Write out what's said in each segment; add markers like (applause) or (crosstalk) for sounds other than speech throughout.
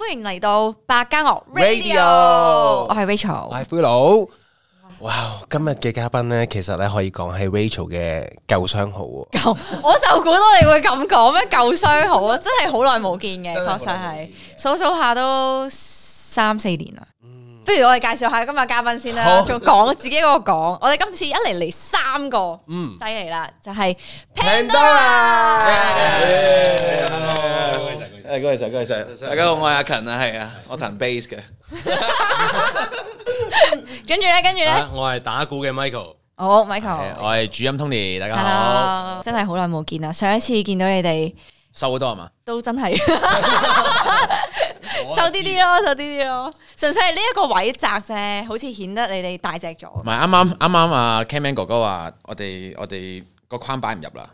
歡迎嚟到百家樂 Radio，我係 Rachel，我係灰佬。哇，今日嘅嘉賓咧，其實咧可以講係 Rachel 嘅舊相好。舊，我就估到你會咁講，咩？舊相好，真係好耐冇見嘅，確實係數數下都三四年啦。不如我哋介紹下今日嘉賓先啦，仲講自己嗰個講。我哋今次一嚟嚟三個，嗯，犀利啦，就係 Pandora。係，多謝，多謝，大家好，我係阿勤啊，係啊，我彈 bass 嘅，跟住咧，跟住咧，我係打鼓嘅 Michael，好，Michael，我係主音 Tony，大家好，真係好耐冇見啦，上一次見到你哋瘦好多係嘛，都真係瘦啲啲咯，瘦啲啲咯，純粹係呢一個位窄啫，好似顯得你哋大隻咗，唔係，啱啱啱啱啊，Ken 哥哥話我哋我哋個框擺唔入啦。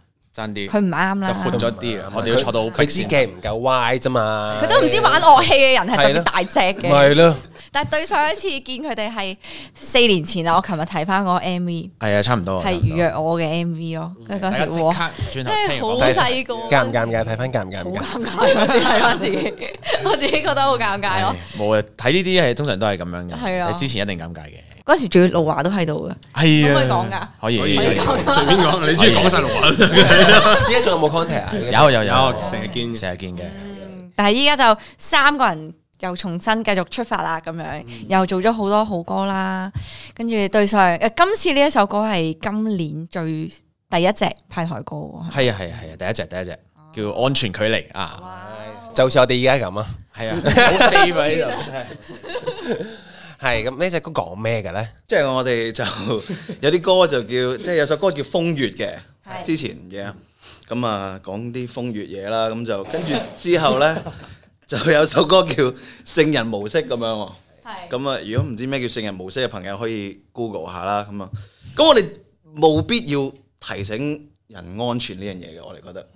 佢唔啱啦，就闊咗啲。我哋要坐到，佢支鏡唔夠歪啫嘛。佢都唔知玩樂器嘅人係咁大隻嘅。係咯。但係對上一次見佢哋係四年前啦。我琴日睇翻個 MV 係啊，差唔多係預約我嘅 MV 咯。嗰時哇，即係好細個。尷唔尷尬？睇翻尷唔尷？好尷尬！我睇翻自己，我自己覺得好尷尬咯。冇啊，睇呢啲係通常都係咁樣嘅。係啊，之前一定尷尬嘅。嗰時仲要路華都喺度嘅，係啊，可唔可以講㗎？可以可以隨便講。你中意講晒路華都依家仲有冇 contact 啊？有有有，成日見成日見嘅。但係依家就三個人又重新繼續出發啦，咁樣又做咗好多好歌啦。跟住對上誒，今次呢一首歌係今年最第一隻派台歌。係啊係啊係啊，第一隻第一隻叫安全距離啊，就似我哋而家咁啊。係啊，好四位啊。係咁呢隻歌講咩嘅咧？即係我哋就有啲歌就叫，即係有首歌叫《風月》嘅，之前嘅。咁啊，講啲風月嘢啦。咁就跟住之後咧，就有首歌叫《聖人模式》咁樣。係。咁啊，如果唔知咩叫聖人模式嘅朋友，可以 Google 下啦。咁啊，咁我哋冇必要提醒人安全呢樣嘢嘅。我哋覺得，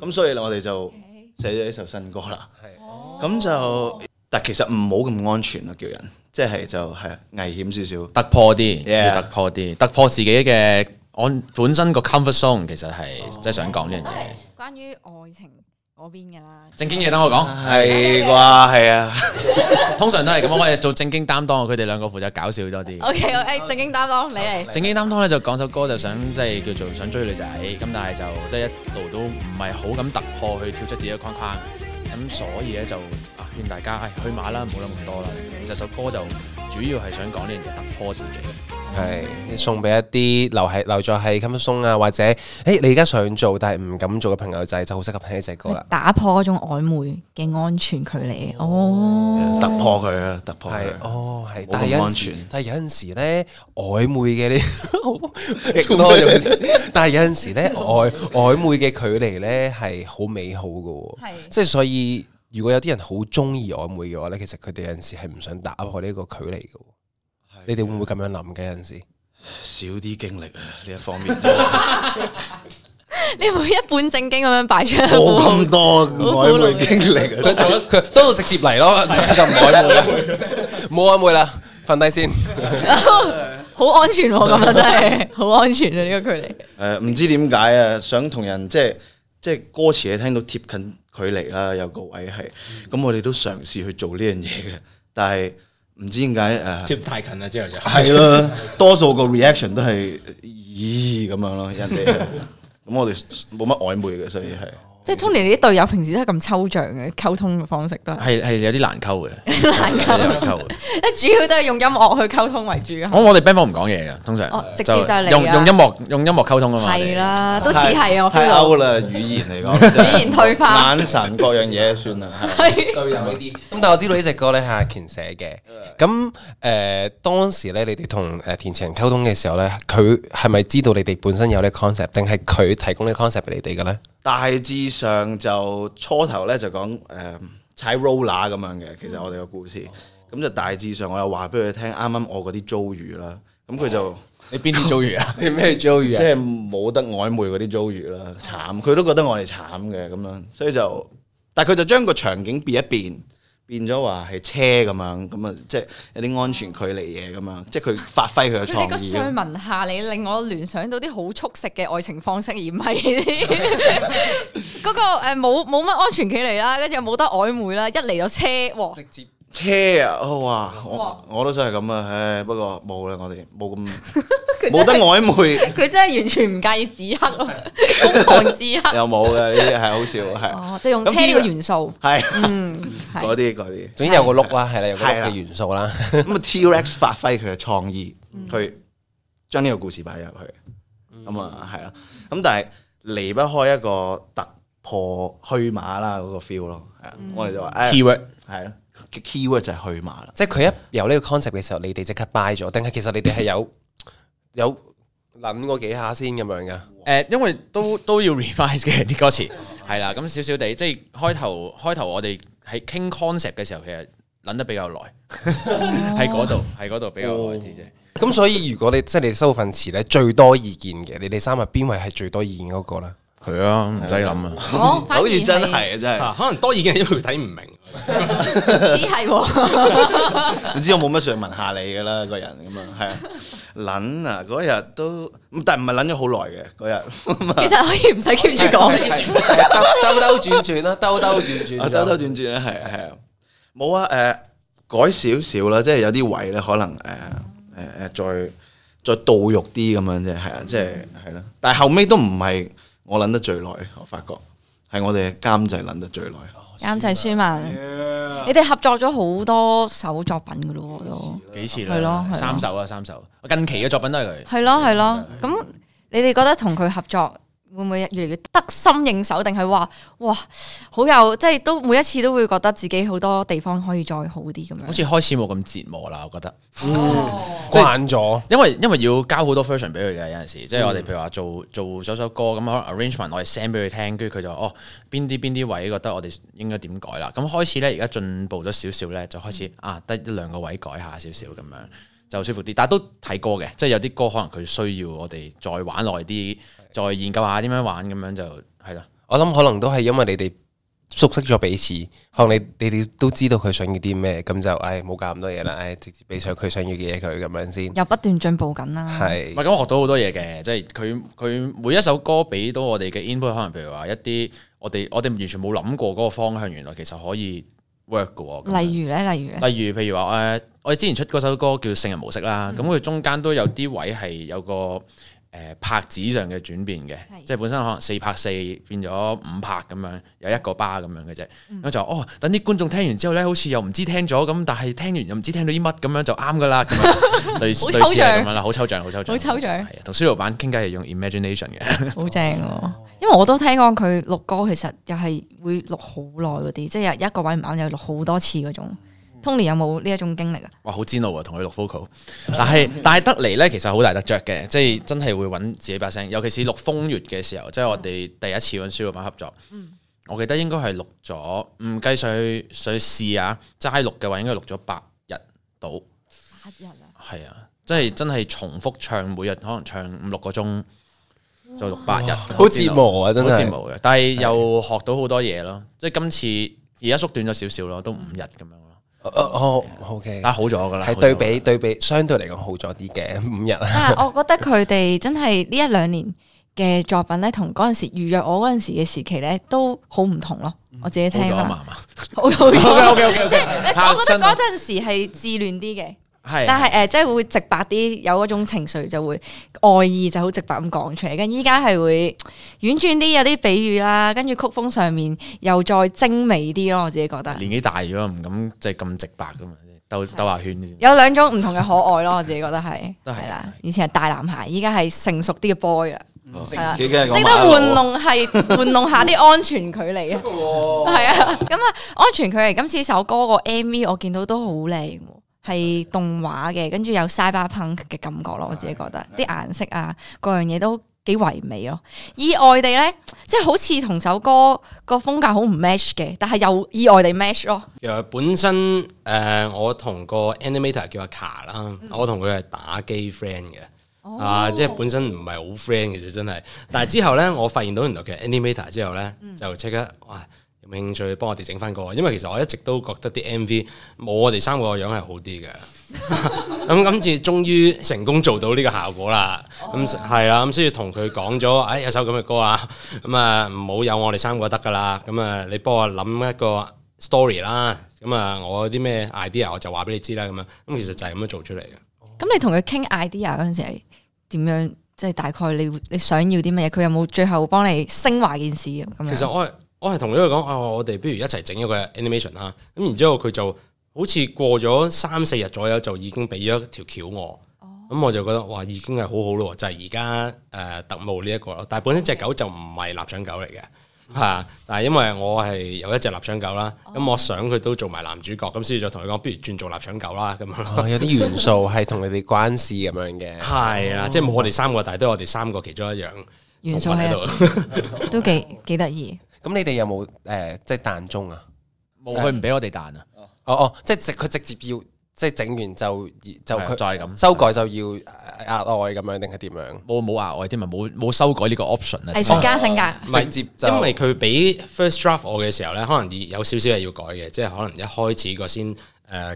咁所以咧，我哋就寫咗一首新歌啦。係。咁就，但係其實唔好咁安全咯，叫人。即係就係危險少少，突破啲，要突破啲，突破自己嘅我本身個 comfort zone，其實係即係想講呢樣嘢。關於愛情嗰邊噶啦，正經嘢等我講，係啩，係啊，通常都係咁，我哋做正經擔當，佢哋兩個負責搞笑多啲。OK，正經擔當，你嚟，正經擔當咧就講首歌，就想即係叫做想追女仔，咁但係就即係一度都唔係好咁突破去跳出自己嘅框框，咁所以咧就。勸大家，哎，去馬啦，唔好諗咁多啦。其實首歌就主要係想講呢樣嘢，突破自己。係送俾一啲留喺留在喺金松啊，或者誒、欸，你而家想做但係唔敢做嘅朋友仔，就好適合聽呢隻歌啦。打破嗰種曖昧嘅安全距離哦，突、突破佢啊，突破佢。係哦，係。好唔安全。但係有陣時咧，曖昧嘅呢， (laughs) 了哪但係有陣時咧，曖、曖昧嘅距離咧係好美好噶係是，即係所以。如果有啲人好中意曖昧嘅話咧，其實佢哋有陣時係唔想打破呢個距離嘅，你哋會唔會咁樣諗嘅有陣時？少啲經歷啊，呢一方面，你會一本正經咁樣擺出冇咁多曖昧經歷，收到直接嚟咯，就唔曖昧啦，冇曖昧啦，瞓低先，好安全咁啊，真係好安全啊呢個距離。誒，唔知點解啊，想同人即係。即係歌詞，你聽到貼近距離啦，有個位係，咁、嗯、我哋都嘗試去做呢樣嘢嘅，但係唔知點解誒貼太近啦之後就係咯，了 (laughs) 多數個 reaction 都係咦咁樣咯，人哋咁 (laughs) 我哋冇乜曖昧嘅，所以係。即係通常你啲隊友平時都係咁抽象嘅溝通嘅方式，都係係有啲難溝嘅難溝，難溝。主要都係用音樂去溝通為主。哦，我哋 band 房唔講嘢嘅，通常直接就用用音樂用音樂溝通啊嘛。係啦，都似係啊。我 feel 到啦，語言嚟講，語言退化，眼神各樣嘢算啦。係隊友呢啲。咁但係我知道呢隻歌咧係阿權寫嘅。咁誒當時咧你哋同誒田承人溝通嘅時候咧，佢係咪知道你哋本身有呢個 concept，定係佢提供呢個 concept 俾你哋嘅咧？大致上就初頭咧就講誒、呃、踩 roller 咁樣嘅，其實我哋個故事，咁、嗯、就大致上我又話俾佢聽啱啱我嗰啲遭遇啦，咁佢、哦、就你邊啲遭遇啊？ (laughs) 你咩遭遇啊？即係冇得曖昧嗰啲遭遇啦，慘！佢都覺得我哋慘嘅咁樣，所以就但係佢就將個場景變一變。變咗話係車咁樣，咁啊，即係有啲安全距離嘢咁啊，即係佢發揮佢嘅創意。個上文下理令我聯想到啲好速食嘅愛情方式，而唔係嗰個誒，冇冇乜安全距離啦，跟住又冇得曖昧啦，一嚟咗車，直接。車啊，哇！我我都想係咁啊，唉，不過冇啦，我哋冇咁冇得曖昧。佢真係完全唔介意自黑咯，瘋狂自黑。又冇嘅呢啲係好笑，係哦，即係用車呢個元素，係嗰啲嗰啲，總之有個轆啦，係啦，有個轆嘅元素啦。咁啊，T Rex 發揮佢嘅創意去將呢個故事擺入去，咁啊係啦。咁但係離不開一個突破虛碼啦，嗰個 feel 咯。我哋就話 T Rex 係咯。嘅 key word 就係去馬啦，即係佢一有呢個 concept 嘅時候，你哋即刻 buy 咗，定係其實你哋係有 (laughs) 有諗過幾下先咁樣噶？誒哇、欸，因為都都要 revise 嘅啲歌詞，係啦哇，咁少少地，即係開頭開頭我哋喺傾 concept 嘅時候，其實諗得比較耐，喺嗰度喺嗰度比較耐啲啫。咁哇所以如果你即係、就是、你哋收份詞咧，最多意見嘅，你哋三日邊位係最多意見嗰個咧？佢啊，唔使諗啊，哦、好似真係啊，真係、啊，可能多意見，因為睇唔明，似係，你知我冇乜想問下你噶啦，個人咁啊，係啊，諗啊，嗰日都，但係唔係諗咗好耐嘅嗰日，其實可以唔使 keep 住講，兜兜轉轉咯，兜兜轉轉，兜兜轉轉啊，係啊係啊，冇啊，誒、呃，改少少啦，即係有啲位咧可能誒誒誒，再再倒肉啲咁樣啫，係啊，即係係啦，但係後尾都唔係。我諗得最耐，我發覺係我哋監製諗得最耐。監製舒文，Yeah. 你哋合作咗好多首作品噶咯喎，幾次？係咯，三首啊，三首。近期嘅作品都係佢，係咯係咯。咁、嗯、你哋覺得同佢合作？會唔會越嚟越得心應手？定係話哇，好有即係都每一次都會覺得自己好多地方可以再好啲咁樣。好似開始冇咁折磨啦，我覺得，嗯，慣咗、嗯嗯。因為因為要交好多 version 俾佢嘅有陣時，即係我哋譬如話做做咗首歌咁，可能 arrangement 我哋 send 俾佢聽，跟住佢就哦邊啲邊啲位覺得我哋應該點改啦。咁開始咧而家進步咗少少咧，就開始啊得一兩個，個位改下少少咁樣。就舒服啲，但都睇歌嘅，即係有啲歌可能佢需要我哋再玩耐啲，的再研究下點樣玩咁樣就係啦。我諗可能都係因為你哋熟悉咗彼此，可能你你哋都知道佢想要啲咩，咁就唉冇、哎、搞咁多嘢啦，唉、哎、直接俾上佢想要嘅嘢佢咁樣先。又不斷進步緊啦，係咪咁學到好多嘢嘅？即係佢佢每一首歌俾到我哋嘅 input，可能譬如話一啲我哋我哋完全冇諗過嗰個方向，原來其實可以。work 例如咧，例如例如譬如話，誒，我哋之前出嗰首歌叫《聖人模式》啦，咁佢、嗯嗯、中間都有啲位係有個誒拍子上嘅轉變嘅，是 即係本身可能四拍四變咗五拍咁樣，有一個巴咁樣嘅啫。咁、嗯、就哦，等啲觀眾聽完之後咧，好似又唔知聽咗，咁但係聽完又唔知聽到啲乜咁樣就啱噶啦，咁樣類似係咁樣啦，好抽象，好對抽象，好抽象，係同蘇老闆傾偈係用 imagination 嘅，好正、哦。因為我都聽過佢錄歌，其實又係會錄好耐嗰啲，即係一個位唔啱又錄好多次嗰種。嗯、Tony 有冇呢一種經歷啊？哇，好煎熬啊，同佢錄 focal 但係 (laughs) 但係得嚟呢，其實好大得着嘅，即係真係會揾自己把聲，尤其是錄《風月》嘅時候，嗯、即係我哋第一次揾舒玉敏合作。嗯、我記得應該係錄咗，唔計上去上去試啊，齋錄嘅話應該錄咗八日到。八日啊！係啊，即係真係重複唱每，每日可能唱五六個鐘。就六八日，好折磨啊，真係好折磨嘅。但係又學到好多嘢咯，即係今次而家縮短咗少少咯，都五日咁樣咯。哦，OK，但係好咗噶啦，係對比對比相對嚟講好咗啲嘅五日啊。但係我覺得佢哋真係呢一兩年嘅作品咧，同嗰陣時預約我嗰陣時嘅時期咧，都好唔同咯。我自己聽咁啊好 OK OK 即係我覺得嗰陣時係自戀啲嘅。但係誒，即係會直白啲，有嗰種情緒就會愛意就好直白咁講出嚟。跟而家係會婉轉啲，有啲比喻啦。跟住曲風上面又再精美啲咯，我自己覺得。年紀大咗唔敢即係咁直白噶嘛，兜兜下圈。有兩種唔同嘅可愛咯，我自己覺得係。係啦，以前係大男孩，依家係成熟啲嘅 boy 啦，係啊，識得玩弄係玩弄下啲安全距離啊，係啊，咁啊，安全距離。今次首歌個 MV 我見到都好靚。係動畫嘅，跟住有 Cyberpunk 嘅感覺咯。的我自己覺得啲顏的色啊，各樣嘢都幾唯美咯。意外地咧，即係好似同首歌個風格好唔 match 嘅，但係又意外地 match 咯。本身誒、呃，我同個 Animator 叫阿卡啦，嗯、我同佢係打機 friend 嘅啊，即係本身唔係好 friend 其實真係。但係之後咧，我發現到原來其實 Animator 之後咧，嗯、就即刻啊。哇有興趣幫我哋整翻個歌，因為其實我一直都覺得啲 MV 冇我哋三個個樣係好啲嘅。咁 (laughs) (laughs) 今次終於成功做到呢個效果啦。咁係啦，咁所以同佢講咗，哎有一首咁嘅歌啊，咁啊唔好有我哋三個得噶啦。咁、嗯、啊，你幫我諗一個 story 啦。咁、嗯、啊，我啲咩 idea 我就話俾你知啦。咁樣咁其實就係咁樣做出嚟嘅。咁你同佢傾 idea 嗰陣時係點樣？即係大概你你想要啲乜嘢？佢有冇最後幫你升華件事咁樣？其實我。我係同咗佢講，哦，我哋不如一齊整一個 animation 啦。咁然之後佢就好似過咗三四日左右，就已經俾咗條橋我。咁、oh. 我就覺得哇，已經係好好咯。就係而家誒特務呢、這、一個咯。但係本身隻狗就唔係臘腸狗嚟嘅吓。但係因為我係有一隻臘腸狗啦。咁、oh. 嗯、我想佢都做埋男主角。咁所以再同佢講，不如轉做臘腸狗啦。咁樣、oh, 有啲元素係同你哋關事咁樣嘅。係 (laughs) (laughs) 啊，即係冇我哋三個，但係都有我哋三個其中一樣元素喺度， (laughs) 都幾幾得意。咁你哋有冇誒、呃、即係彈鐘啊？冇，佢唔俾我哋彈啊！哦哦，即係直佢直接要即係整完就就佢咁修改就要額外咁樣定係點樣？冇冇額外添啊！冇冇修改呢個 option 啊！係藝術家性格，直接因為佢俾 first draft 我嘅時候咧，可能有少少係要改嘅，即係可能一開始個先誒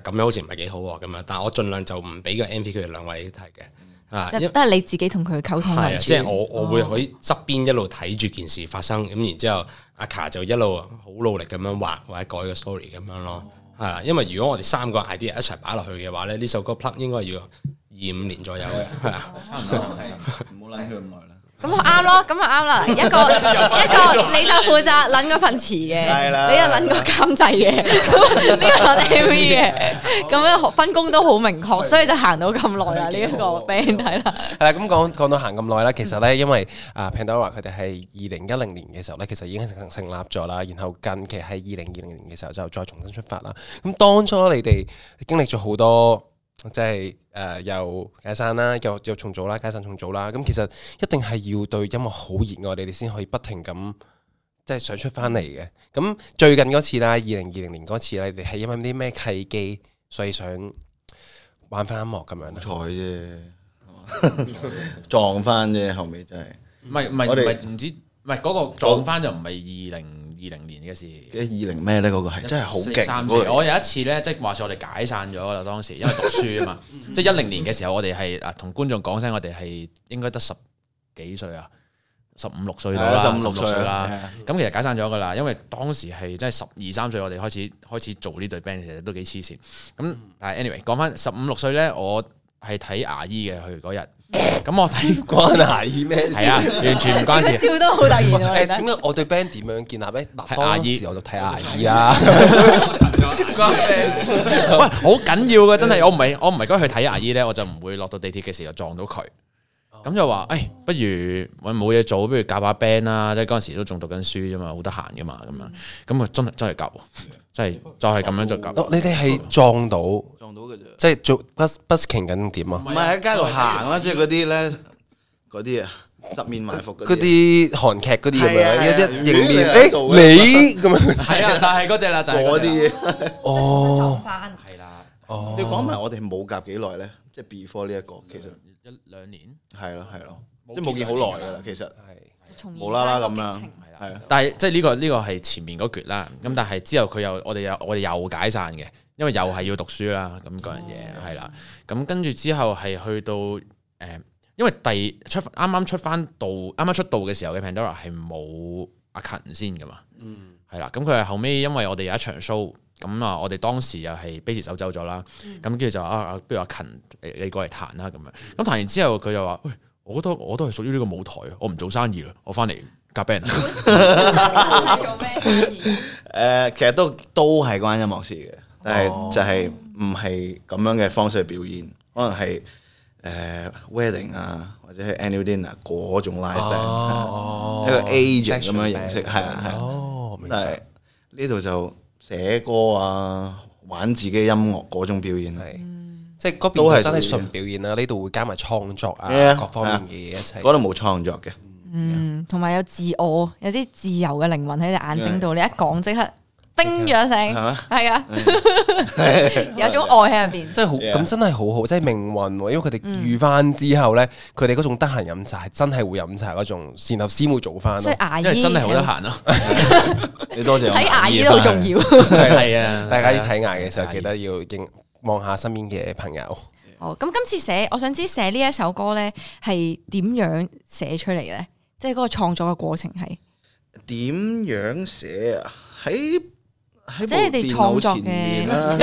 咁樣好似唔係幾好咁啊！但我盡量就唔俾個 MV 佢哋兩位睇嘅。啊！即都係你自己同佢溝通。係，即係我我會喺側邊一路睇住件事發生，咁、哦、然之後阿卡就一路好努力咁樣畫或者改個 story 咁樣咯。係啊、哦，因為如果我哋三個 idea 一齊擺落去嘅話咧，呢首歌 plug 應該要二五年左右嘅。係啊、哦，的差唔多係，唔好諗佢咁耐。的咁啊啱咯，咁啊啱啦！一個， (laughs) 一，個一個你就負責揾嗰份詞嘅， (laughs) 啦你又揾個監製嘅，呢 (laughs) (laughs) 個揾 a v 嘅，咁好樣分工都好明確，啦所以就行到咁耐對啦。呢一個 band 係啦。係啦，咁講講到行咁耐啦，其實咧因為啊 Pandora 佢哋係二零一零年嘅時候咧，其實已經成立咗啦。然後近期喺二零二零年嘅時候就再重新出發啦。咁當初你哋經歷咗好多。即係誒、呃，又解散啦，又又重組啦，解散重組啦。咁其實一定係要對音樂好熱愛，你哋先可以不停咁即係想出翻嚟嘅。咁最近嗰次啦，二零二零年嗰次咧，你哋係因為啲咩契機，所以想玩翻音樂咁樣啦？好彩啫， (laughs) 撞翻啫，後尾真係唔係唔係我哋唔係唔知，唔係嗰個撞翻就唔係二零。嗯二零年嘅事，二零咩呢？嗰、嗰個係真係好勁。三歲，我有一次呢，即係話說我哋解散咗啦。當時因為讀書啊嘛， (laughs) 即係一零年嘅時候我，我哋係啊同觀眾講聲，我哋係應該得十幾歲啊，十五六歲到啦，啦十五六歲啦。咁對其實解散咗噶啦，對因為當時係真係十二三歲，我哋開始開始做呢隊 band，其實都幾黐線。咁 anyway，講翻十五六歲呢，我係睇牙醫嘅，去嗰日。咁我睇關阿姨咩事？係啊，完全唔關事。笑都好突然。點解我對 band 點樣建立咧？係阿姨，時我就睇阿姨啊。喂，好緊要嘅，真係我唔係我唔係該去睇阿姨咧，我就唔會落到地鐵嘅時候撞到佢。咁、哦、就話，誒、哎，不如我冇嘢做，不如搞把 band 啦。即係嗰陣時都仲讀緊書啫嘛，好得閒噶嘛，咁樣咁啊，真係真係夾。即係就係咁樣就咁。你哋係撞到？撞到嘅啫。即係做 bus busking 緊點啊？唔係喺街度行啦，即係嗰啲咧，嗰啲啊，十面埋伏嗰啲。嗰啲韓劇嗰啲咁樣，一一面誒，你咁啊？係啊，就係嗰隻啦，就係嗰啲。哦。即係撞翻係啦。哦。你講埋我哋係冇夾幾耐咧？即係 before 呢一個，其實一兩年。係咯係咯，即係冇見好耐嘅啦，其實。係。無啦啦咁樣。但係即係呢個呢、呢個係前面嗰橛啦。咁但係之後佢又我哋又我哋又解散嘅，因為又係要讀書啦。咁嗰樣嘢係啦。咁、嗯、跟住之後係去到誒、呃，因為第出啱啱出翻道，啱啱出道嘅時候嘅 Pandora 係冇阿勤先噶嘛。嗯，係啦。咁佢係後尾，因為我哋有一場 show，咁啊，我哋當時又係 bass 手走咗啦。咁跟住就啊，不如阿勤你你過嚟彈啦咁樣。咁彈完之後佢就話，喂、欸，我覺得我都係屬於呢個舞台，我唔做生意啦，我翻嚟。夾 band，做咩夾 (laughs) 其實都都係關音樂事嘅，但係就係唔係咁樣嘅方式去表演，可能係誒 wedding 啊，或者係 annual dinner 嗰種 live band，哦、一個 agent 咁樣形式，係啊係。哦，明白。但係呢度就寫歌啊，玩自己音樂嗰種表演，係即係都係真係純表演啦。呢度、嗯、是會加埋創作啊，啊各方面嘅嘢一齊。嗰度冇創作嘅。嗯，同埋有自我，有啲自由嘅靈魂喺你眼睛度。你一講即刻叮咗一聲，係啊，有種愛喺入邊，即係好咁，真係好好，即係命運。因為佢哋遇翻之後咧，佢哋嗰種得閒飲茶係真係會飲茶嗰種，善後先會做翻，即係牙醫，真係好得閒咯。你多謝我，睇牙醫都好重要，係啊！大家要睇牙嘅時候記得要望下身邊嘅朋友。哦，咁今次寫，我想知寫呢一首歌咧係點樣寫出嚟咧？即係嗰個創作嘅過程係點樣寫啊？喺喺即係你哋創作嘅啦。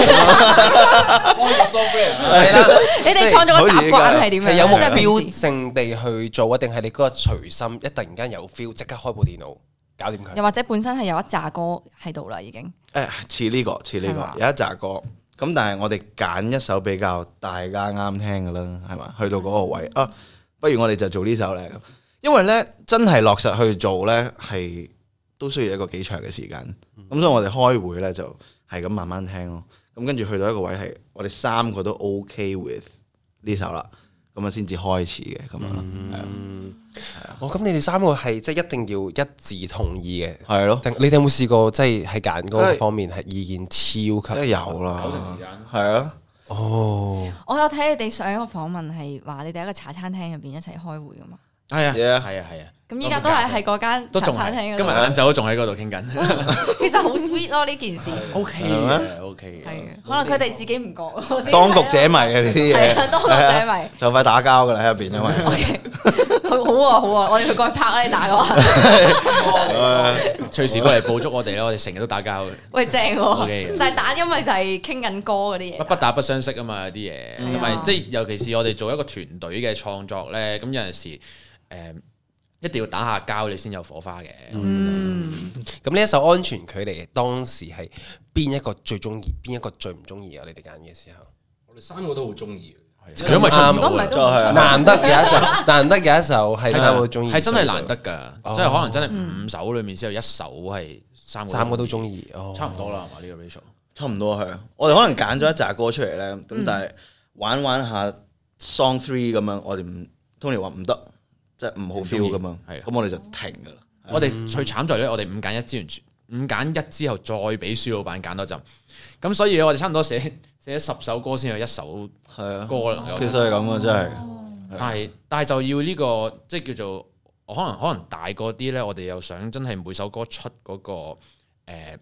係啦，你哋創作嘅習慣係點樣？有目標性地去做啊？定係你嗰個隨心？一突然間有 feel，即刻開部電腦搞掂佢。又或者本身係有一扎歌喺度啦，已經誒，似呢個，似呢個，有一扎歌。咁但係我哋揀一首比較大家啱聽嘅啦，係嘛？去到嗰個位啊，不如我哋就做呢首咧。因為咧，真係落實去做咧，係都需要一個幾長嘅時間。咁、嗯、所以我哋開會咧就係咁慢慢聽咯。咁跟住去到一個位係，我哋三個都 OK with 呢首啦，咁啊先至開始嘅咁、嗯、啊。係啊、嗯，我咁、哦、你哋三個係即係一定要一致同意嘅。係咯定，你哋有冇試過即係喺揀歌方面係意見超級？都有啦，啊、九成時間係啊。哦，我有睇你哋上一個訪問係話你哋一個茶餐廳入邊一齊開會噶嘛？係啊，係啊，係啊！咁依家都係喺嗰間茶餐廳，今日晏晝都仲喺嗰度傾緊。其實好 sweet 咯呢件事，OK OK 嘅。可能佢哋自己唔覺。當局者迷嘅呢啲嘢，當局者迷就快打交噶啦喺入邊，因為好啊好啊，我哋去過去拍啊，你打嘅話，隨時過嚟捕捉我哋咯，我哋成日都打交。喂，正就係打，因為就係傾緊歌嗰啲嘢。不打不相識啊嘛，啲嘢同埋即係，尤其是我哋做一個團隊嘅創作咧，咁有陣時。誒，一定要打下交你先有火花嘅。嗯，咁呢一首安全距離當時係邊一個最中意，邊一個最唔中意啊？你哋揀嘅時候，我哋三個都好中意。佢都唔係三個，唔係都難得有一首，一首嗯、難得有一首係三個都中意，係真係難得噶，即係可能真係五首裏面先有一首係三個，三個都中意，哦、差唔多啦，係嘛？呢個 ratio 差唔多係。我哋可能揀咗一扎歌出嚟咧，咁、嗯、但係玩玩下 song three 咁樣，我哋唔、Tony 話唔得。即係唔好 feel 咁樣，係咁的我哋就停噶啦的的。我哋最慘在咧，我哋五揀一資源，五揀一之後再俾舒老闆揀多陣，咁所以我哋差唔多寫寫咗十首歌先有一首歌啦。其實係咁啊，真係，係、哦、但係就要呢、這個即係叫做，可能可能大個啲咧，我哋又想真係每首歌出嗰、那個誒、呃，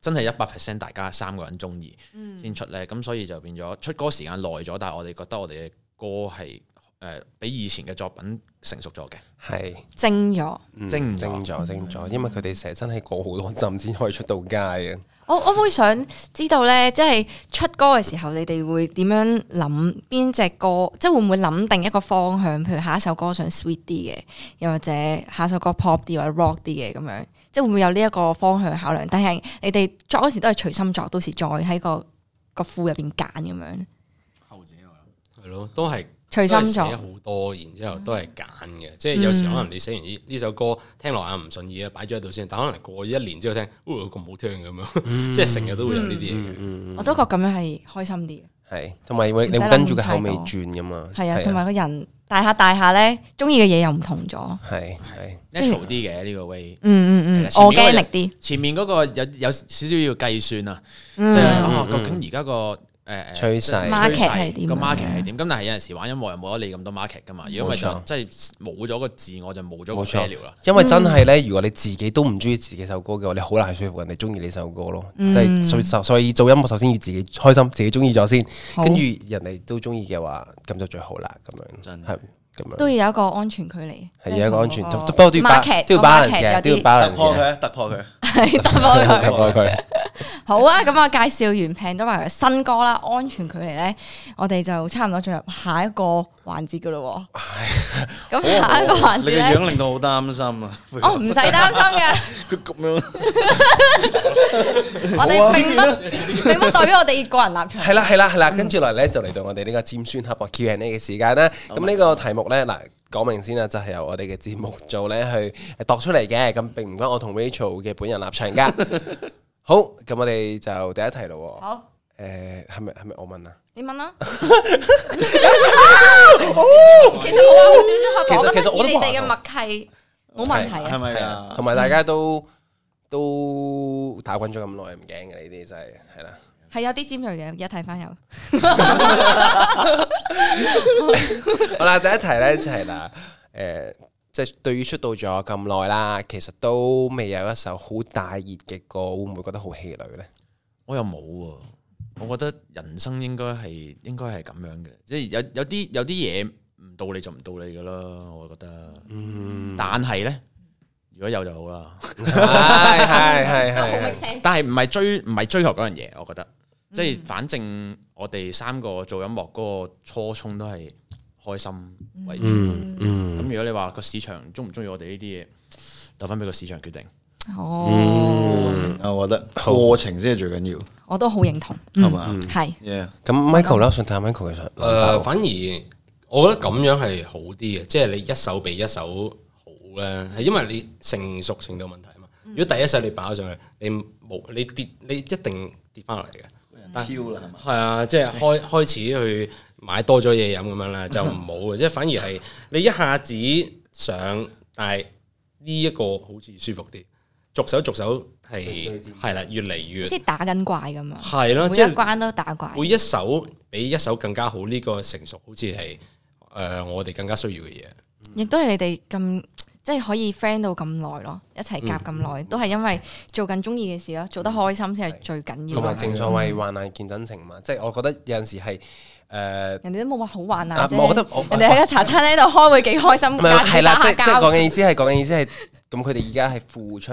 真係一百 percent 大家三個人中意先出咧。咁、嗯、所以就變咗出歌時間耐咗，但係我哋覺得我哋嘅歌係。誒，比以前嘅作品成熟咗嘅，係精咗，精唔精咗？精咗，因為佢哋成日真係過好多陣先可以出到街嘅。 (laughs) 我我會想知道咧，即係出歌嘅時候，你哋會點樣諗邊隻歌？即係會唔會諗定一個方向？譬如下一首歌想 sweet 啲嘅，又或者下一首歌 pop 啲或者 rock 啲嘅咁樣？即係會唔會有呢一個方向考量？但係你哋作嗰時都係隨心作，到時再喺個個庫入邊揀咁樣。後者係咯喊，都係。隨心咗好多，然之後都係揀嘅，即係有時可能你寫完呢呢首歌聽落又唔順意，擺咗喺度先，但可能過一年之後聽，嗚，咁好聽咁樣，即係成日都會有呢啲嘢，我都覺咁樣係開心啲。係，同埋喂，你跟住個口味轉噶嘛？係啊，同埋個人大下大下咧，中意嘅嘢又唔同咗。係係 l 啲嘅呢個 way。嗯嗯嗯，我經歷啲。前面嗰個有有少少要計算啊，即係哦，究竟而家個。m a r 誒趨勢，個 market 係點？咁但係有陣時玩音樂又冇得你咁多 market 噶嘛？如果冇錯，即係冇咗個自我就冇咗個燃料啦。因為真係咧，如果你自己都唔中意自己首歌嘅話，你好難説服人哋中意你首歌咯。即係所，所以做音樂首先要自己開心，自己中意咗先，跟住人哋都中意嘅話，咁就最好啦。咁樣真係咁樣都要有一個安全距離，係有一個安全。不過都要都要 balance 嘅，都要 balance 嘅，突破佢，突破佢。係搭幫佢，好啊！咁啊，介紹完同埋新歌啦，安全距離咧，我哋就差唔多進入下一個環節噶咯。咁下一個環節，你個樣令到好擔心啊！哦，唔使擔心嘅，佢咁樣，我哋並唔並唔代表我哋個人立場。係啦係啦係啦，跟住落嚟咧就嚟到我哋呢個尖酸刻薄 Q&A 嘅時間啦。咁呢個題目咧嗱。講明先啦，就係由我哋嘅節目做咧去度出嚟嘅，咁並唔關我同 Rachel 嘅本人立場噶。好，咁我哋就第一題咯。好，誒，係咪係咪我問啊？你問啦。其實我同小朱合我哋嘅默契冇問題啊。係咪啊？同埋大家都都打滾咗咁耐，唔驚嘅呢啲真係係啦。係有啲尖銳嘅，一睇翻又。 (laughs) 好啦，第一題呢就係、是、嗱，誒，即係對於出道咗咁耐啦，其實都未有一首好大熱嘅歌，會唔會覺得好氣餒呢？我又冇，啊，我覺得人生應該係應該係咁樣嘅，即係有有啲有啲嘢，唔到你就唔到你噶咯，我覺得。嗯，但係呢，如果有就好啦。係係 (laughs) (laughs) 但係唔係追唔係追求嗰樣嘢，我覺得。即係反正我哋三個做音樂嗰個初衷都係開心為主。咁、嗯嗯、如果你話個市場鍾唔鍾意我哋呢啲嘢，留翻俾個市場決定。哦，嗯、我覺得過程先係最緊要。好我都好認同，係嘛？係。咁 Michael 啦，想睇下 Michael 其實。誒、呃，反而我覺得咁樣係好啲嘅，即、就、係、是、你一手比一手好咧，係因為你成熟程度問題啊嘛。如果第一手你擺咗上去，你冇你跌，你一定跌翻落嚟嘅。係啊，即係開開始去買多咗嘢飲咁樣啦，就唔好嘅，即係反而係你一下子想，但係呢一個好似舒服啲，逐手逐手係係啦，越嚟越即係打緊怪咁啊！係咯，即係、啊、一關都打怪，每一首比一首更加好。呢、這個成熟好似係誒，我哋更加需要嘅嘢，亦、嗯、都係你哋咁。即係可以 friend 到咁耐咯，一齊夾咁耐，嗯、都係因為做緊中意嘅事咯，做得開心先係最緊要。同埋、嗯、正所謂患難見真情嘛，嗯、即係我覺得有陣時係誒，呃、人哋都冇話好玩啊，我覺得我人哋喺茶餐廳度開會幾開心，打、啊、下、啊啊、即係講嘅意思係講嘅意思係，咁佢哋而家係付出。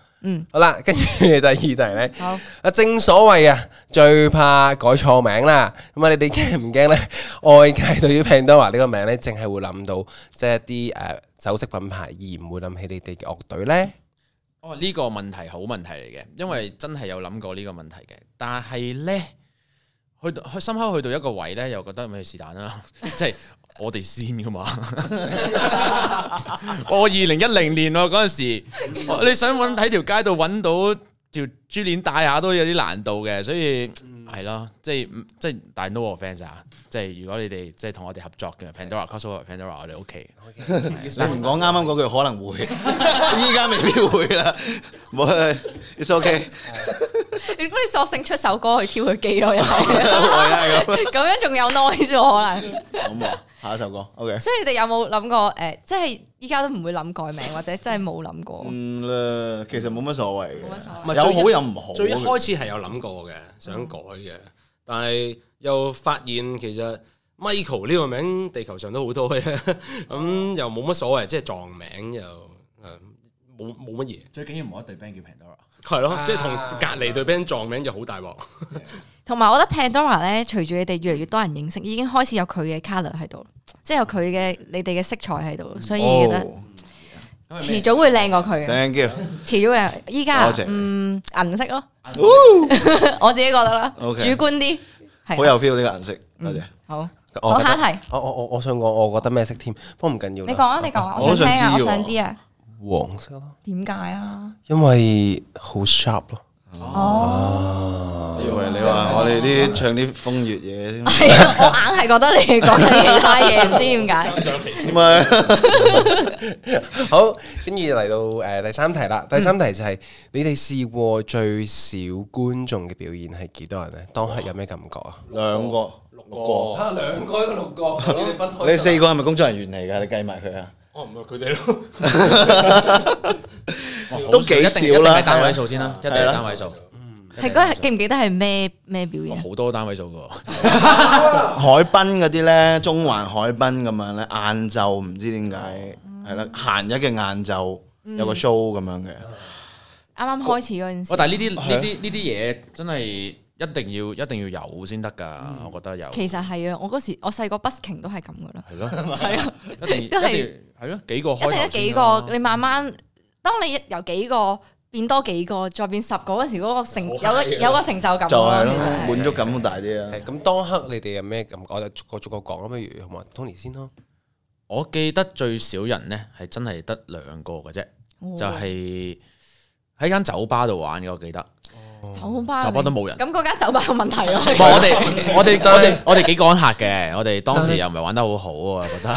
嗯，好啦，跟住第二題咧，好啊，正所謂啊，最怕改錯名啦，咁啊，你哋驚唔驚咧？ (laughs) 外界對於 Pandora 呢個名咧，淨係會諗到即係一啲誒、呃、首飾品牌，而唔會諗起你哋嘅樂隊咧？哦，呢、這個問題好問題嚟嘅，因為真係有諗過呢個問題嘅，但係咧去去深刻去到一個位咧，又覺得咪去是但啦，即係。我哋先噶嘛？ (laughs) 我二零一零年咯，嗰陣時你想揾喺條街度揾到條珠鏈戴下都有啲難度嘅，所以係咯，即係即係。但係 no offence 啊，即係如果你哋即係同我哋合作嘅 Pandora，crossover Pandora，我哋 OK, okay 是。你唔講啱啱嗰句，可能會依家 (laughs) 未必會啦。冇，it's OK。 (laughs) 如果你索性出首歌去挑佢機咯，又係咁樣，仲有 noise 可能。 (laughs) 下一首歌，OK。所以你哋有冇諗過？誒、呃，即係依家都唔會諗改名，或者真係冇諗過。嗯咧，其實冇乜所謂，冇是有好有唔好。最一開始係有諗過嘅，嗯、想改嘅，但係又發現其實 Michael 呢個名地球上都好多嘅，咁、嗯 (laughs) 嗯、又冇乜所謂，即係撞名又冇冇乜嘢。嗯、最緊要冇一對 band 叫 Pandora，係咯、啊，即係同隔籬對 band 撞名就好大鑊。Yeah. 同埋，我覺得 Pandora 咧，隨住你哋越嚟越多人認識，已經開始有佢嘅 color 喺度，即係有佢嘅你哋嘅色彩喺度，所以覺得遲早會靚過佢。靚啲，遲早靚。依家嗯銀色咯，我自己覺得啦，主觀啲，好有 feel 呢個顏色。多謝。好，我下一題。我我我想講，我覺得咩色添？不過唔緊要，你講啊，你講。我想知，我想知啊。黃色。點解啊？因為好 sharp 咯。哦，以、啊、為你話我哋啲唱啲風月嘢添 (laughs) 啊，我硬係覺得你講緊其他嘢，唔 (laughs) 知點解。 (laughs) (laughs) 好，跟住嚟到誒第三題啦。第三題就係、是嗯、你哋試過最少觀眾嘅表演係幾多人咧？當刻有咩感覺啊？兩個、六個，嚇、啊、兩個，一個六個， (laughs) 你哋分你四個係咪工作人員嚟噶？你計埋佢啊？我唔係佢哋咯。 (laughs) (laughs) 都幾少啦，一定係單位數先啦，一定係單位數。係嗰日記唔記得係咩咩表演？好多單位數噶，海濱嗰啲咧，中環海濱咁樣咧，晏晝唔知點解係啦，閒日嘅晏晝有個 show 咁樣嘅，啱啱開始嗰陣時。但係呢啲呢啲呢啲嘢真係一定要一定要有先得噶，我覺得有。其實係啊，我嗰時我細個 busking 都係咁噶啦，係咯，係啊，都係係咯，幾個開一幾個，你慢慢。當你由幾個變多幾個，再變十個嗰時，嗰、嗰個成有有個成就感，就係咯，滿足感會大啲啊！咁當刻你哋有咩感覺？我哋逐個逐個講啊，不如好唔好，Tony 先咯。我記得最少人咧係真係得兩個嘅啫，哦、就係喺間酒吧度玩嘅，我記得。酒吧，酒吧都冇人。咁嗰間酒吧有問題咯。我哋，我哋，我哋，我哋幾趕客嘅。我哋當時又唔係玩得好好啊，覺得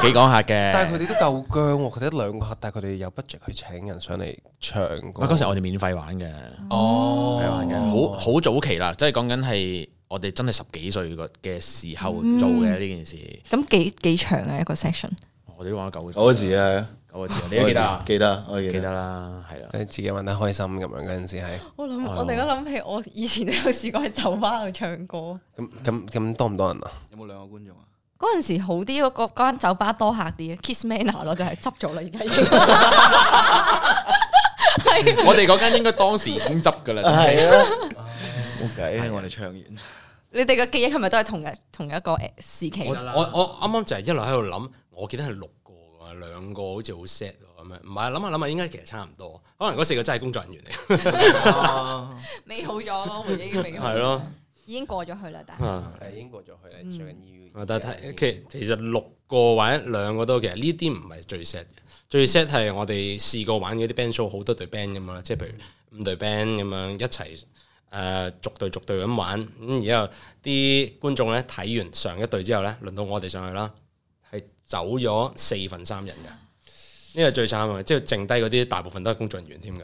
幾趕客嘅。但係佢哋都夠薑喎，佢哋一兩個客，但係佢哋有 budget 去請人上嚟唱。嗰時我哋免費玩嘅，哦，免費玩嘅，好好早期啦，即係講緊係我哋真係十幾歲嘅嘅時候做嘅呢件事。咁幾幾長嘅一個 session，我哋都玩咗九個。我知啊。我記得，記得，我記得啦，係啦，即係自己玩得開心咁樣嗰陣時係。我諗，我突然間諗起，我以前都有試過喺酒吧度唱歌。咁咁咁多唔多人啊？有冇兩個觀眾啊？嗰陣時好啲嗰間酒吧多客啲，Kiss Manor 咯，就係執咗啦，而家已經。我哋嗰間應該當時已經執噶啦，係啊，冇計，我哋唱完。你哋個記憶係咪都係同一同一個時期？我我啱啱就係一路喺度諗，我記得係六。兩個好似好 sad 咁樣，唔係諗下諗下，應該其實差唔多，可能嗰四個真係工作人員嚟。美、啊、 (laughs) 好咗，回憶已經美好。係咯的，已經過咗去啦，但係已經過咗去啦，緊要。但係其實其實六個玩兩個都，其實呢啲唔係最 sad 嘅，最 sad 係我哋試過玩嗰啲 band show 好多隊 band 咁啦，即係譬如五隊 band 咁樣一齊誒、呃，逐隊逐隊咁玩，咁然後啲觀眾咧睇完上一隊之後咧，輪到我哋上去啦。走咗四分三人嘅，呢個、嗯、最慘啊！即、就、係、是、剩低嗰啲大部分都係工作人員添㗎。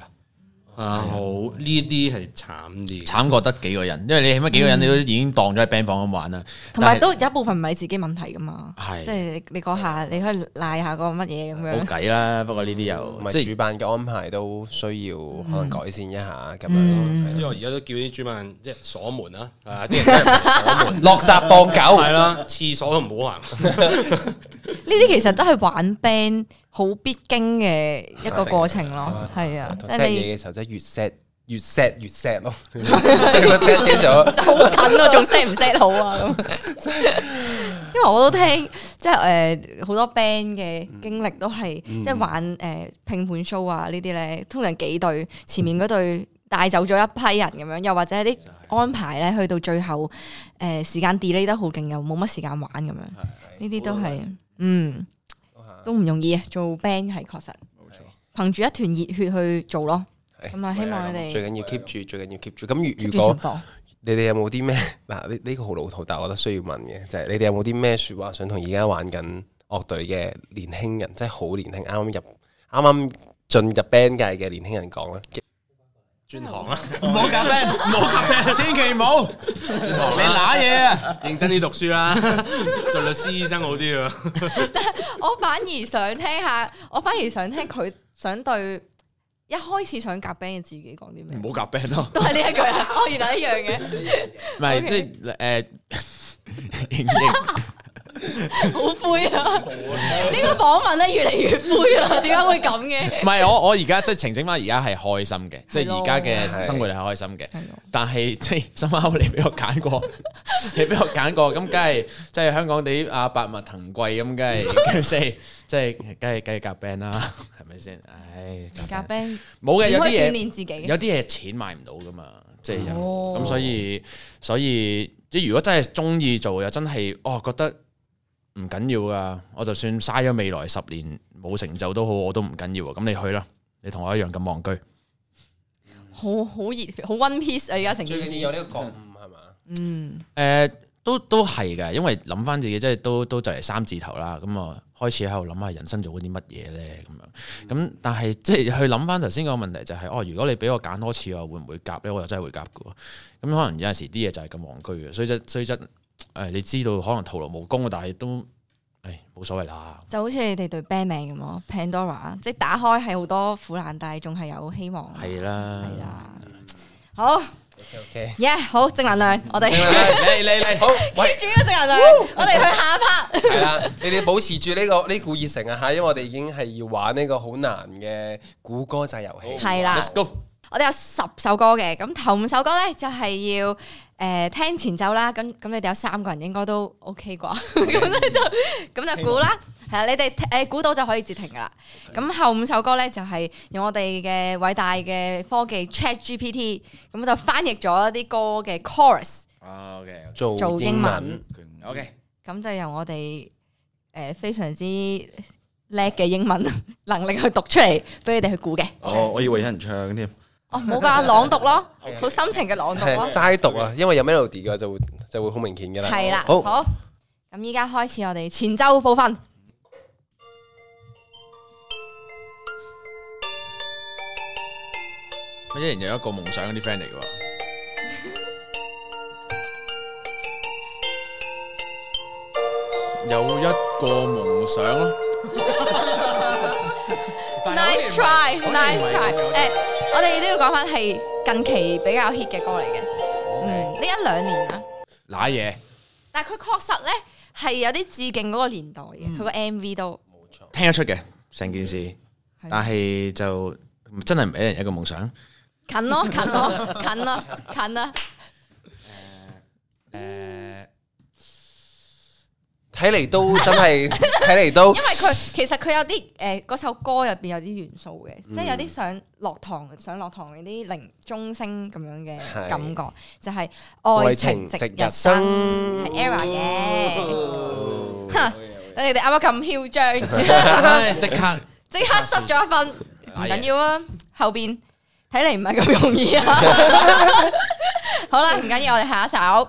啊，好呢啲係慘啲，慘過得幾個人，因為你起碼幾個人，你都已經當咗喺 band 房咁玩啦。同埋都有一部分唔係自己問題噶嘛，即係你講下你可以賴下個乜嘢咁樣。冇計啦，不過呢啲又即係主辦嘅安排，都需要可能改善一下咁。因為而家都叫啲主辦即係鎖門啦，啊啲人鎖門落閘放狗係咯，廁所都唔好行。呢啲其實都係玩 band。好必經嘅一個過程咯，係啊，即係 set 嘢嘅時候真係越 set 越 set 越 set 咯，set 咗好近啊，仲 set 唔 set 好啊咁。因為我都聽即係誒好多 band 嘅經歷都係、嗯、即係玩誒、呃、拼盤 show 啊呢啲咧，通常幾隊前面嗰隊帶走咗一批人咁樣，又或者啲安排咧去到最後誒、呃、時間 delay 得好勁又冇乜時間玩咁樣，呢啲都係嗯。嗯.都唔容易啊，做 band 係確實，冇錯，憑住一團熱血去做咯，咁啊希望你哋的最緊要 keep 的住，最緊要 keep 住。咁如如果你哋有冇啲咩嗱呢呢個好老土，但係我覺得需要問嘅，就係、是、你哋有冇啲咩說話想同而家玩緊樂隊嘅年輕人，即係好年輕，啱啱入啱啱進入 band 界嘅年輕人講咧？轉行啦！唔好夾 band，唔好夾 band，千祈唔好。轉行，你打嘢啊！認真啲讀書啦，做律師、醫生好啲啊！我反而想聽下，我反而想聽佢想對一開始想夾 band 嘅自己講啲咩？唔好夾 band 咯，都係呢一句啊！我原來一樣嘅，唔係即係誒好 (laughs) 灰啊！呢 (laughs) 個訪問咧越嚟越灰啦、啊，點解 (laughs) 會咁嘅？唔係 (laughs) 我我而家即係澄清返，而家係開心嘅，即係而家嘅生活係開心嘅。的但係即係新媽，你俾我揀過， (laughs) (laughs) 你俾我揀過，咁梗係即係香港啲阿百物騰貴咁，梗係即係即係梗係梗係夾 band 啦，係咪先？唉，夾 band 冇嘅，有啲嘢，有啲嘢錢買唔到噶嘛，即係咁，所以所以即係如果真係中意做又真係，我覺得。唔緊要噶，我就算嘥咗未來十年冇成就都好，我都唔緊要啊！咁你去啦，你同我一樣咁戇居，好好熱好 one piece 啊！而家成件事有呢個覺悟係嘛？嗯，誒、呃，都都係嘅，因為諗翻自己，即係都都就係三字頭啦。咁啊，開始喺度諗下人生做緊啲乜嘢咧？咁樣咁，嗯、但係即係去諗翻頭先個問題、就係，就係哦，如果你俾我揀多次，我又會唔會夾咧？我又真係會夾嘅。咁可能有陣時啲嘢就係咁戇居嘅，衰質衰質。誒、哎，你知道可能徒勞無功，但係都誒冇、哎、所謂啦。就好似你哋對 band 名咁咯，《Pandora》即係打開係好多苦難，但係仲係有希望。係啦，係啦,啦，好 OK OK，yeah 好正能量，能量我哋嚟嚟嚟，好，keep 住 (laughs) 個正能量，喂我哋去下一 part。係啦，你哋保持住呢、這個呢股熱誠啊吓，因為我哋已經係要玩呢個好難嘅估歌仔遊戲。係好啦，Let's go， 我哋有十首歌嘅，咁頭五首歌咧就係、是、要。誒、呃，聽前奏啦，咁咁你哋有三個人應該都 OK 啩，咁咧 Okay. (laughs) 就咁就估啦，係望啊，你哋誒估到就可以截停噶啦。咁 Okay. 後五首歌咧就係、是、用我哋嘅偉大嘅科技 ChatGPT，咁就翻譯咗一啲歌嘅 chorus，啊，做、okay. 做英文，做英文，OK，咁就由我哋誒、呃、非常之叻嘅英文能力去讀出嚟，俾你哋去估嘅。哦，oh, Okay. 我以為有人唱添。冇噶朗讀咯，好深情嘅朗讀咯，齋讀啊，因為有 melody 嘅就會就會好明顯噶啦。係啦，好，咁依家開始我哋前奏部分。一人有一個夢想啲 friend 嚟嘅，有一個夢想咯。Nice try，nice try，誒。我哋都要講翻係近期比較 hit 嘅歌嚟嘅，嗯，呢一兩年啊，嗱嘢，但係佢確實咧係有啲致敬嗰個年代嘅，佢個、嗯、MV 都冇錯，聽得出嘅成件事，的但係就真係唔俾人一個夢想，近咯，近咯，近咯，近啊，誒誒。睇嚟都真係，睇嚟都，因為佢其實佢有啲誒，嗰首歌入邊有啲元素嘅，即係有啲想落堂，想落堂嗰啲鈴鐘聲咁樣嘅感覺，就係愛情值日生係 error 嘅，吓等你哋啱啱咁囂張，即刻即刻失咗一份，唔緊要啊，後邊睇嚟唔係咁容易啊，好啦，唔緊要，我哋下一首。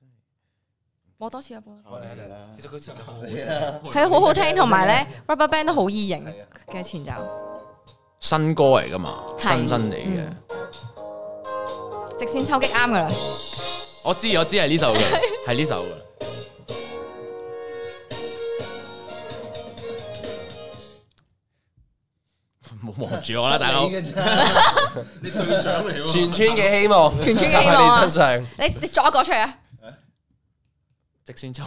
我多次入波，其實嗰次就好好聽，同埋咧，Rubberband 都好易型嘅前奏，新歌嚟噶嘛，新新嚟嘅，直線抽擊啱噶啦，我知 (laughs) (laughs) 我知係呢首嘅，係呢首嘅，唔好望住我啦，大佬，你隊長嚟喎，全村嘅希望， (laughs) (laughs) 全村嘅希望你你做一個出嚟啊！直線抽，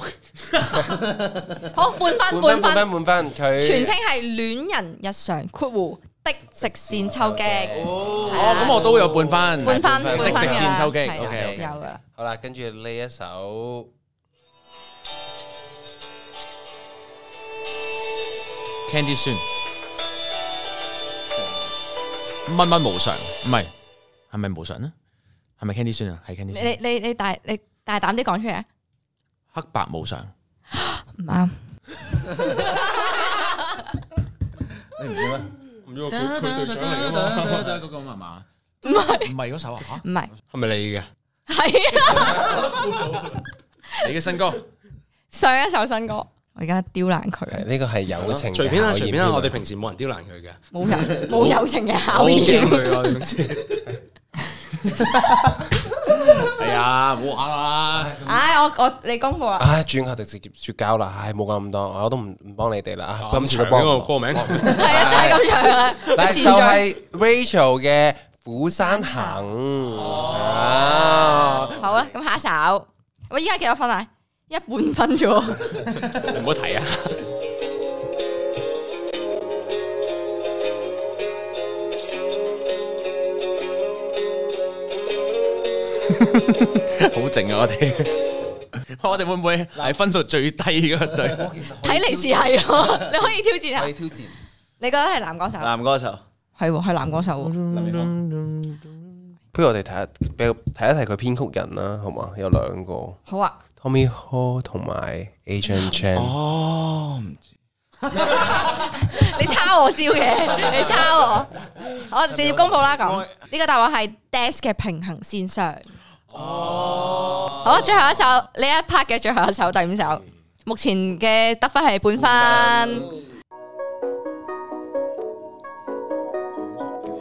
好半分半分半分，佢全稱係戀人日常括弧的直線抽擊，哦，咁我都有半分半分的直線抽擊，OK 有噶啦，好啦，跟住呢一首 Candy Soon 蚊蚊無常，唔係係咪無常呢？係咪 Candy Soon 啊？係 Candy，你你你大你大膽啲講出嚟。黑白無常唔啱，你唔知咩？唔知佢佢隊長嚟噶嘛？第一個咁麻麻，唔係唔係嗰首啊？吓，唔係，係咪你嘅？係啊，你嘅新歌，上一首新歌，我而家刁難佢。呢個係友情，隨便啊隨便啊，我哋平時冇人刁難佢嘅，冇人冇友情嘅考驗。呀，唔好玩啦！唉，我我你功課啊！唉，轉下就直接絕交啦！唉，冇講咁多，我都唔唔幫你哋啦。咁長嘅歌名，係啊，就係咁長啊！就係 Rachel 嘅《釜山行》。哦，好啦，咁下一首。喂，依家幾多分啊？一半分啫喎，唔好提啊！ (laughs) 好靜啊！ (laughs) 我哋我哋會唔會係分數最低嗰隊？睇嚟似係，你可以挑戰啊！可以挑戰，你覺得係男歌手？男歌手係喎，係男歌手。不如我哋睇下，比睇一睇佢編曲人啦，好嘛？有兩個。好啊，Tommy Hall 同埋 Agent Chan，哦，唔知！ (laughs) (laughs) 你抄我招嘅，你抄我，我直接公布啦。咁呢、哎、個答案係《Desk 嘅平衡線上。哦，好，最後一首，呢一 part 嘅最後一首第五首，目前嘅得分係半分，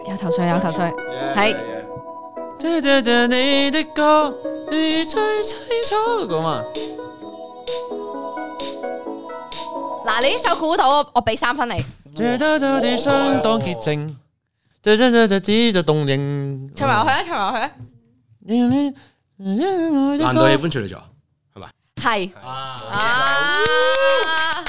有頭緒有頭緒，係。謝謝謝你的歌，最最最初咁啊！嗱，你呢首古土，我我俾三分你。這這這相當潔淨，這這這只就動靜，唱埋落去啊！唱埋落去啊！難度喜歡出嚟咗，係咪？係是。啊、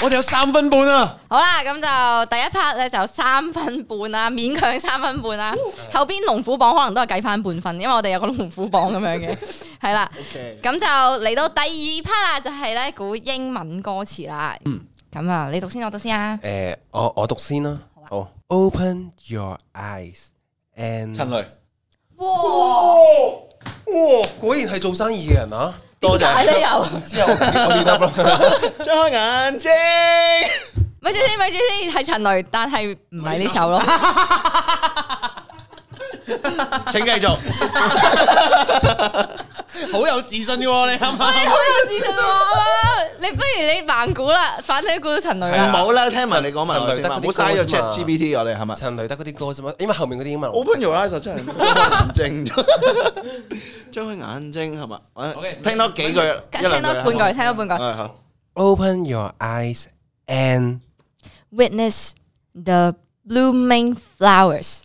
我哋有三分半啊！好啦，咁就第一 part 咧就三分半啦、啊，勉強三分半啦、啊。哦、後邊龍虎榜可能都係計翻半分，因為我哋有個龍虎榜咁樣嘅，係 (laughs) 啦。咁 Okay. 就嚟到第二 part 啦，就係咧估英文歌詞啦。嗯，咁啊，你讀先，我讀先啊。誒、呃，我我讀先啦。好吧 Open your eyes and 哇哇，果然係做生意嘅人啊！多謝，睇你有，唔知又唔得咯，張開眼睛，咪住先，咪住先，係陳雷，但係唔係呢首咯。 (laughs) 請繼續，好有自信喎！你係咪？你好有自信啊嘛！你不如你盲估啦，反正都估到陳蕾啦。唔好啦，聽埋你講埋，唔好嘥咗 ChatGPT 我哋係嘛？陳蕾得嗰啲歌啫嘛，因為後面嗰啲英文。Open your eyes，真係眼睛。張開眼睛係嘛？OK，聽多幾句，聽多半句，聽多半句。Open your eyes and witness the blooming flowers。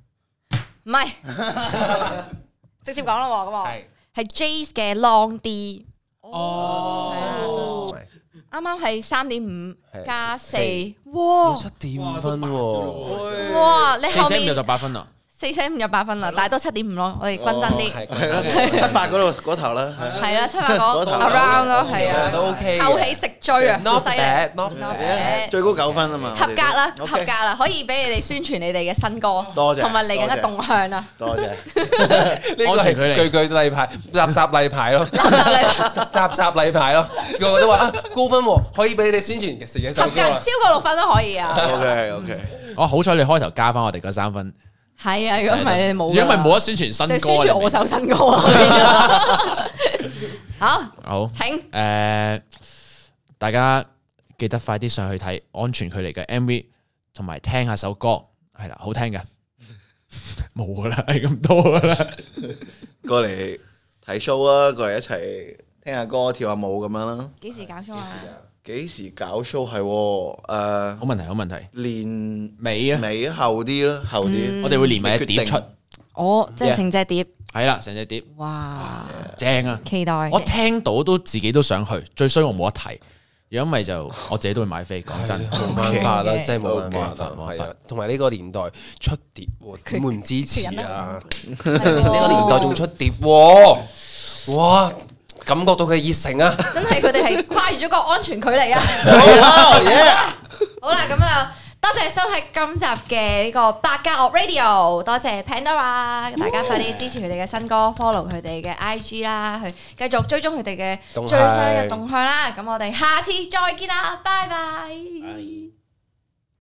唔係， (laughs) 直接講咯咁啊，係 Jace 嘅 Long D，哦，啱啱係三點五加四，哇，七點五分，哇，你後邊就八分啊？四點五有八分啦，但係都七點五咯，我哋均真啲，七八嗰度嗰頭啦，係啦七八嗰頭 around 咯，係啊，都 OK，後起直追啊，好犀利，最高九分啊嘛，合格啦，合格啦，可以俾你哋宣傳你哋嘅新歌，多謝，同埋嚟緊嘅動向啊，多謝，呢個係句句例牌，集集例牌咯，集集集例牌咯，個個都話啊高分可以俾你哋宣傳嘅，合格超過六分都可以啊，OK OK，我好彩你開頭加翻我哋嗰三分。係啊，如果唔係冇，如果唔係冇得宣傳新歌，我首新歌。 (laughs) (laughs) 好，好請誒、呃，大家記得快啲上去睇安全距離嘅 MV，同埋聽下首歌，係啦，好聽嘅，冇 (laughs) 啦，係咁多啦， (laughs) 過嚟睇 show 啊，過嚟一齊聽下歌，跳下舞咁樣啦。幾時搞 show 啊？幾時搞 show 係？誒，好問題，好問題。年尾啊，尾後啲啦，後啲。我哋會連埋一碟出，我即係成隻碟。係啦，成隻碟。哇！正啊，期待。我聽到都自己都想去，最衰我冇得睇。如果唔係就我自己都會買飛。講真，冇辦法啦，真係冇辦法。同埋呢個年代出碟，會唔支持啊？呢個年代仲出碟，哇！感覺到佢熱誠啊！真係佢哋係跨越咗個安全距離啊！ (laughs) (laughs) (laughs) 好啦，咁啊，多謝收睇今集嘅呢個百家樂 Radio，多謝 Pandora，大家快啲支持佢哋嘅新歌，哦，follow 佢哋嘅 IG 啦，去繼續追蹤佢哋嘅最新嘅動向啦！咁是我哋下次再見啦，拜拜。